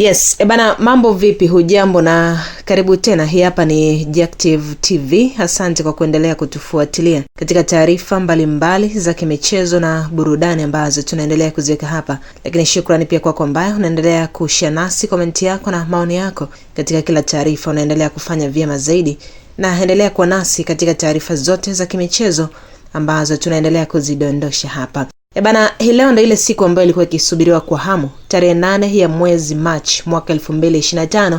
Yes, ebana eh, mambo vipi? Hujambo na karibu tena. Hii hapa ni Jactive TV. Asante kwa kuendelea kutufuatilia katika taarifa mbalimbali za kimichezo na burudani ambazo tunaendelea kuziweka hapa, lakini shukrani pia kwako ambayo unaendelea kushia nasi komenti yako na maoni yako katika kila taarifa. Unaendelea kufanya vyema zaidi na endelea kuwa nasi katika taarifa zote za kimichezo ambazo tunaendelea kuzidondosha hapa ebana eh, bana, hii leo ndo ile siku ambayo ilikuwa ikisubiriwa kwa hamu, tarehe nane ya mwezi Machi mwaka 2025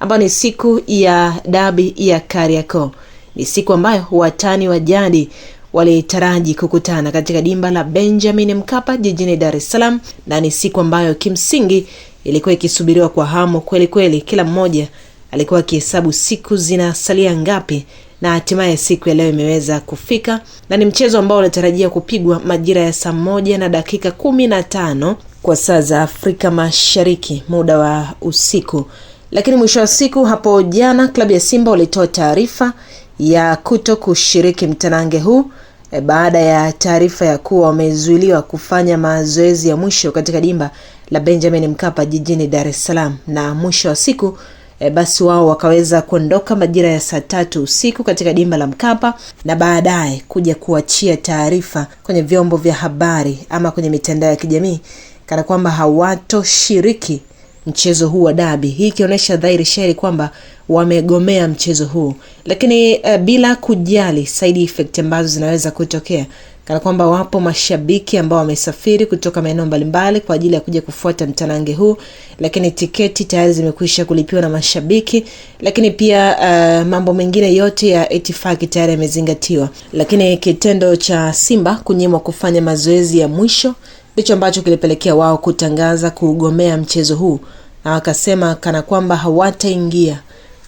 ambayo ni siku ya dabi ya kariaco Ni siku ambayo watani wa jadi walitaraji kukutana katika dimba la Benjamin Mkapa jijini Dar es Salaam, na ni siku ambayo kimsingi ilikuwa ikisubiriwa kwa hamu kweli kweli. Kila mmoja alikuwa akihesabu siku zinasalia ngapi na hatimaye siku ya leo imeweza kufika, na ni mchezo ambao unatarajia kupigwa majira ya saa moja na dakika kumi na tano kwa saa za Afrika Mashariki, muda wa usiku. Lakini mwisho wa siku hapo jana, klabu ya Simba walitoa taarifa ya kuto kushiriki mtanange huu e, baada ya taarifa ya kuwa wamezuiliwa kufanya mazoezi ya mwisho katika dimba la Benjamin Mkapa jijini Dar es Salaam, na mwisho wa siku e, basi wao wakaweza kuondoka majira ya saa tatu usiku katika dimba la Mkapa na baadaye kuja kuachia taarifa kwenye vyombo vya habari ama kwenye mitandao ya kijamii kana kwamba hawatoshiriki mchezo huu wa dabi, hii ikionyesha dhahiri shahiri kwamba wamegomea mchezo huu, lakini e, bila kujali side effect ambazo zinaweza kutokea kana kwamba wapo mashabiki ambao wamesafiri kutoka maeneo mbalimbali kwa ajili ya kuja kufuata mtanange huu, lakini tiketi tayari zimekwisha kulipiwa na mashabiki, lakini pia uh, mambo mengine yote ya itifaki tayari yamezingatiwa, lakini kitendo cha Simba kunyimwa kufanya mazoezi ya mwisho ndicho ambacho kilipelekea wao kutangaza kugomea mchezo huu, na wakasema kana kwamba hawataingia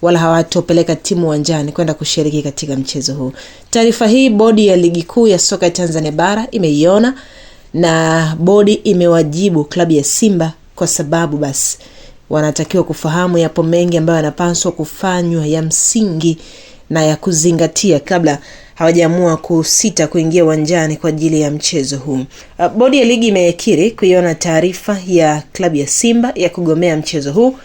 wala hawatopeleka timu uwanjani kwenda kushiriki katika mchezo huu. Taarifa hii bodi ya ligi kuu ya soka ya Tanzania bara imeiona na bodi imewajibu klabu ya Simba kwa sababu basi wanatakiwa kufahamu yapo mengi ambayo yanapaswa kufanywa ya msingi na ya kuzingatia kabla hawajaamua kusita kuingia uwanjani kwa ajili ya mchezo huu. Bodi ya ligi imekiri kuiona taarifa ya klabu ya Simba ya kugomea mchezo huu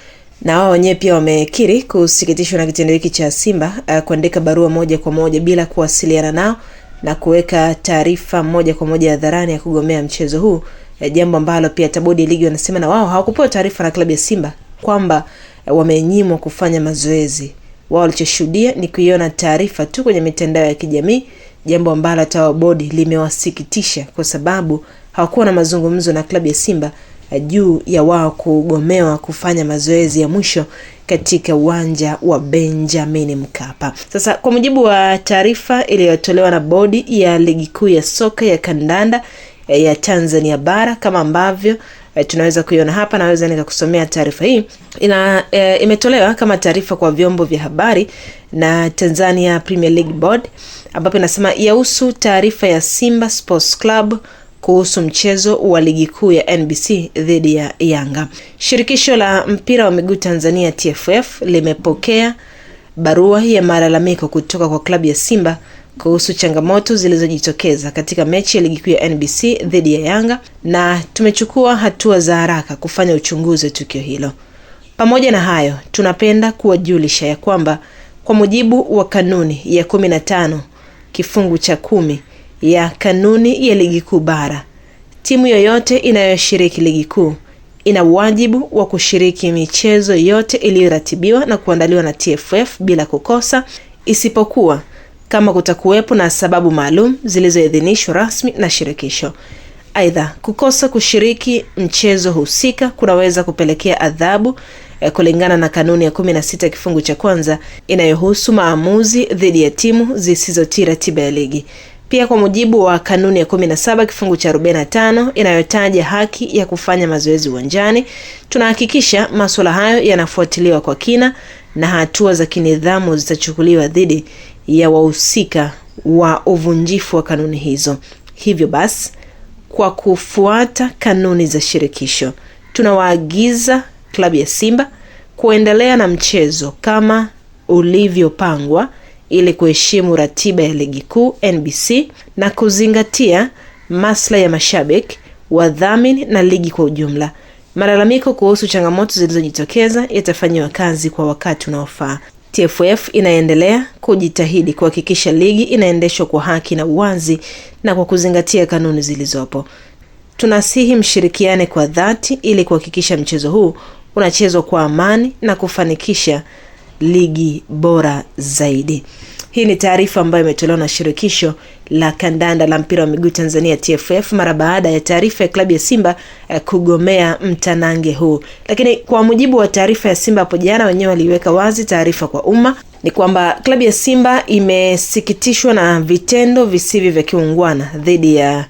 na wao wenyewe pia wamekiri kusikitishwa na kitendo hiki cha Simba uh, kuandika barua moja kwa moja bila kuwasiliana nao na kuweka taarifa moja kwa moja hadharani ya kugomea mchezo huu uh, jambo ambalo pia tabodi ligi wanasema na wao hawakupewa taarifa na klabu ya Simba kwamba uh, wamenyimwa kufanya mazoezi. Wao walichoshuhudia ni kuiona taarifa tu kwenye mitandao ya kijamii, jambo ambalo hata bodi limewasikitisha kwa sababu hawakuwa na mazungumzo na klabu ya Simba Eh, juu ya wao kugomewa kufanya mazoezi ya mwisho katika uwanja wa Benjamin Mkapa. Sasa kwa mujibu wa taarifa iliyotolewa na bodi ya ligi kuu ya soka ya kandanda eh, ya Tanzania bara kama ambavyo e, tunaweza kuiona hapa, naweza nikakusomea taarifa hii ina e, imetolewa kama taarifa kwa vyombo vya habari na Tanzania Premier League Board, ambapo inasema yahusu taarifa ya Simba Sports Club kuhusu mchezo wa ligi kuu ya NBC dhidi ya Yanga. Shirikisho la mpira wa miguu Tanzania TFF limepokea barua ya malalamiko kutoka kwa klabu ya Simba kuhusu changamoto zilizojitokeza katika mechi ya ligi kuu ya NBC dhidi ya Yanga na tumechukua hatua za haraka kufanya uchunguzi wa tukio hilo. Pamoja na hayo, tunapenda kuwajulisha ya kwamba kwa mujibu wa kanuni ya 15 kifungu cha kumi ya kanuni ya ligi kuu bara, timu yoyote inayoshiriki ligi kuu ina wajibu wa kushiriki michezo yote iliyoratibiwa na kuandaliwa na TFF bila kukosa, isipokuwa kama kutakuwepo na sababu maalum zilizoidhinishwa rasmi na shirikisho. Aidha, kukosa kushiriki mchezo husika kunaweza kupelekea adhabu e, kulingana na kanuni ya 16 na kifungu cha kwanza inayohusu maamuzi dhidi ya timu zisizotii ratiba ya ligi. Pia kwa mujibu wa kanuni ya 17 kifungu cha 45 inayotaja haki ya kufanya mazoezi uwanjani, tunahakikisha masuala hayo yanafuatiliwa kwa kina na hatua za kinidhamu zitachukuliwa dhidi ya wahusika wa uvunjifu wa kanuni hizo. Hivyo basi, kwa kufuata kanuni za shirikisho, tunawaagiza klabu ya Simba kuendelea na mchezo kama ulivyopangwa ili kuheshimu ratiba ya ligi kuu NBC na kuzingatia maslahi ya mashabiki, wadhamini na ligi kwa ujumla. Malalamiko kuhusu changamoto zilizojitokeza yatafanyiwa kazi kwa wakati unaofaa. TFF inaendelea kujitahidi kuhakikisha ligi inaendeshwa kwa haki na uwazi na kwa kuzingatia kanuni zilizopo. Tunasihi mshirikiane kwa dhati ili kuhakikisha mchezo huu unachezwa kwa amani na kufanikisha ligi bora zaidi. Hii ni taarifa ambayo imetolewa na shirikisho la kandanda la mpira wa miguu Tanzania TFF mara baada ya taarifa ya klabu ya Simba eh, kugomea mtanange huu. Lakini kwa mujibu wa taarifa ya Simba hapo jana, wenyewe waliweka wazi taarifa kwa umma ni kwamba klabu ya Simba imesikitishwa na vitendo visivyo vya kiungwana dhidi ya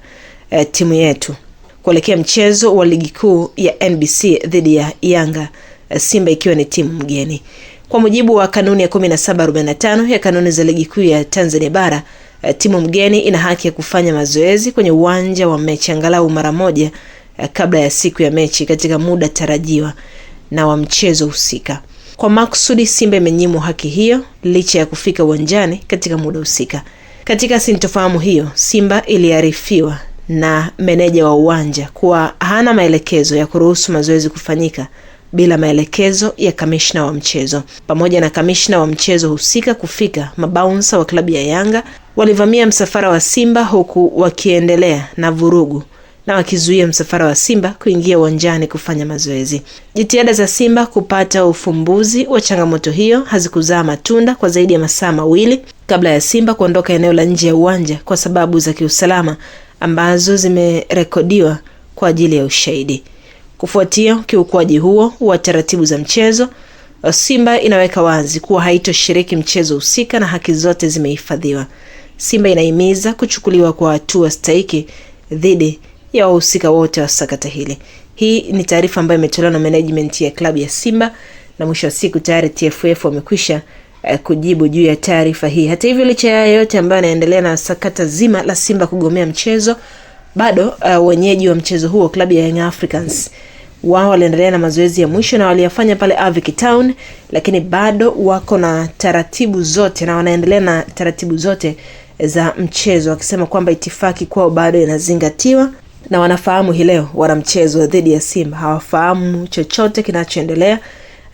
eh, timu yetu kuelekea mchezo wa ligi kuu ya NBC dhidi ya Yanga, eh, Simba ikiwa ni timu mgeni. Kwa mujibu wa kanuni ya 1745 ya kanuni za ligi kuu ya Tanzania bara eh, timu mgeni ina haki ya kufanya mazoezi kwenye uwanja wa mechi angalau mara moja eh, kabla ya siku ya mechi katika muda tarajiwa na wa mchezo husika. Kwa maksudi Simba imenyimwa haki hiyo licha ya kufika uwanjani katika muda husika. Katika sintofahamu hiyo, Simba iliarifiwa na meneja wa uwanja kuwa hana maelekezo ya kuruhusu mazoezi kufanyika bila maelekezo ya kamishna wa mchezo. Pamoja na kamishna wa mchezo husika kufika, mabaunsa wa klabu ya Yanga walivamia msafara wa Simba huku wakiendelea na vurugu na wakizuia msafara wa Simba kuingia uwanjani kufanya mazoezi. Jitihada za Simba kupata ufumbuzi wa changamoto hiyo hazikuzaa matunda kwa zaidi ya masaa mawili kabla ya Simba kuondoka eneo la nje ya uwanja kwa sababu za kiusalama ambazo zimerekodiwa kwa ajili ya ushahidi. Kufuatia ukiukwaji huo wa taratibu za mchezo, uh, Simba inaweka wazi kuwa haitoshiriki mchezo husika na haki zote zimehifadhiwa. Simba inahimiza kuchukuliwa kwa hatua stahiki dhidi ya wahusika wote wa sakata hili. Hii ni taarifa ambayo imetolewa na management ya klabu ya Simba na mwisho wa siku tayari TFF wamekwisha eh, kujibu juu ya taarifa hii. Hata hivyo, licha ya yote ambayo yanaendelea na sakata zima la Simba kugomea mchezo bado uh, wenyeji wa mchezo huo klabu ya Young Africans wao waliendelea na mazoezi ya mwisho na waliyafanya pale Avic Town, lakini bado wako na taratibu zote na wanaendelea na taratibu zote za mchezo, wakisema kwamba itifaki kwao bado inazingatiwa na wanafahamu hii leo wana mchezo dhidi ya Simba. Hawafahamu chochote kinachoendelea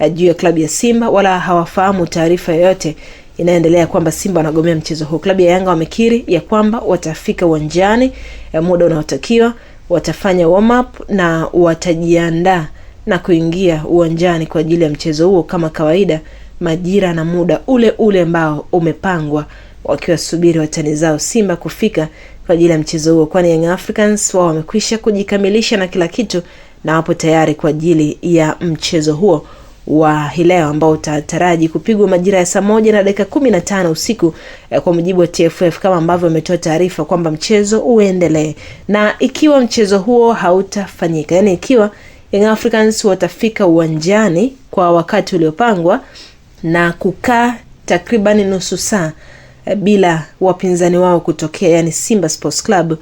uh, juu ya klabu ya Simba wala hawafahamu taarifa yoyote inaendelea kwamba Simba wanagomea mchezo huu. Klabu ya Yanga wamekiri ya kwamba watafika uwanjani eh, muda unaotakiwa, watafanya warm up na watajiandaa na kuingia uwanjani kwa ajili ya mchezo huo kama kawaida, majira na muda ule ule ambao umepangwa, wakiwasubiri watani zao Simba kufika kwa ajili ya mchezo huo, kwani Young Africans wao wamekwisha kujikamilisha na kila kitu na wapo tayari kwa ajili ya mchezo huo wa hileo ambao utataraji kupigwa majira ya saa moja na dakika kumi na tano usiku eh, kwa mujibu wa TFF kama ambavyo wametoa taarifa kwamba mchezo uendelee, na ikiwa mchezo huo hautafanyika, yani ikiwa Young Africans watafika uwanjani kwa wakati uliopangwa na kukaa takribani nusu saa eh, bila wapinzani wao kutokea, yani Simba Sports Club,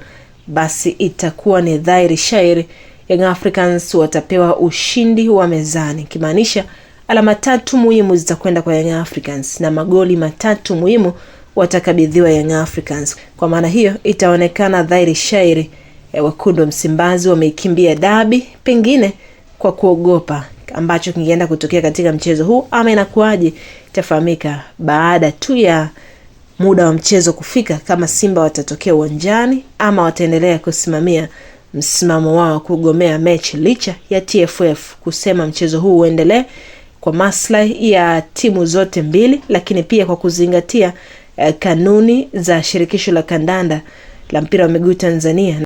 basi itakuwa ni dhairi shairi Young Africans watapewa ushindi wa mezani, kimaanisha alama tatu muhimu zitakwenda kwa Young Africans na magoli matatu muhimu watakabidhiwa Young Africans. Kwa maana hiyo itaonekana dhahiri shairi eh, wekundu wa Msimbazi wameikimbia dabi, pengine kwa kuogopa ambacho kingeenda kutokea katika mchezo huu, ama inakuwaje itafahamika baada tu ya muda wa mchezo kufika, kama Simba watatokea uwanjani ama wataendelea kusimamia msimamo wao kugomea mechi licha ya TFF kusema mchezo huu uendelee kwa maslahi ya timu zote mbili, lakini pia kwa kuzingatia eh, kanuni za shirikisho la kandanda la mpira wa miguu Tanzania.